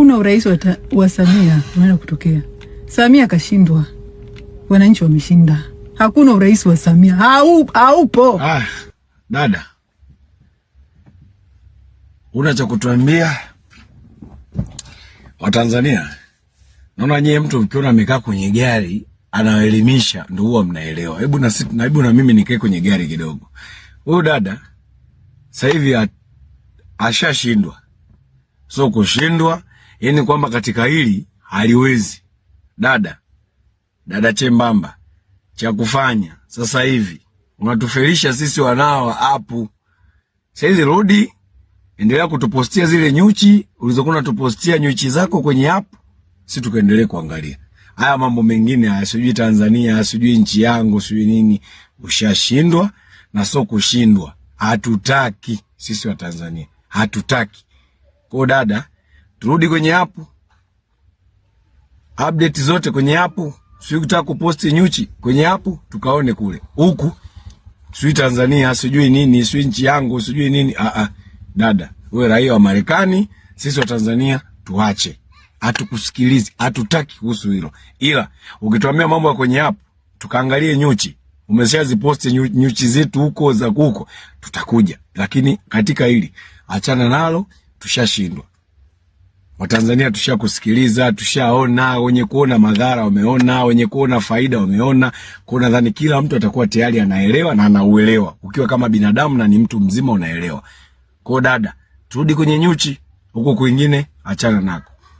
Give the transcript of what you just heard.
hakuna urais wa, wa Samia unaenda kutokea. Samia akashindwa, wananchi wameshinda. Hakuna urais wa Samia, haupo. Ah, dada una cha kutuambia Watanzania? Naona nyie mtu mkiona amekaa kwenye gari anaelimisha ndo huwa mnaelewa. Hebu na sisi na hebu na mimi nikae kwenye gari kidogo. Huyu dada sasa hivi ashashindwa, so kushindwa yani kwamba katika hili haliwezi dada dada chembamba cha kufanya sasa hivi unatufelisha sisi wanao wa apu. Saizi rudi, endelea kutupostia zile nyuchi ulizokuwa unatupostia nyuchi zako kwenye apu, si tukaendelee kuangalia haya mambo mengine haya, sijui Tanzania, sijui nchi yangu, sijui nini. Ushashindwa na sio kushindwa, hatutaki sisi wa Tanzania hatutaki. Kwa dada turudi kwenye hapo update zote kwenye hapo, si ukitaka kuposti nyuchi kwenye hapo, tukaone kule huku, sijui Tanzania, sijui nini, sijui nchi yangu, sijui nini. A ah, a, ah. dada wewe, raia wa Marekani, sisi wa Tanzania, tuache, hatukusikilizi, hatutaki kuhusu hilo. Ila ukituambia mambo ya kwenye hapo, tukaangalie nyuchi, umeshaziposti nyuchi zetu huko za huko, tutakuja. Lakini katika hili achana nalo, tushashindwa. Watanzania tushakusikiliza, tushaona, wenye kuona madhara wameona, wenye kuona faida wameona. Kwa nadhani kila mtu atakuwa tayari anaelewa na anauelewa, ukiwa kama binadamu na ni mtu mzima unaelewa. Kwa dada, turudi kwenye nyuchi, huko kwingine achana nako.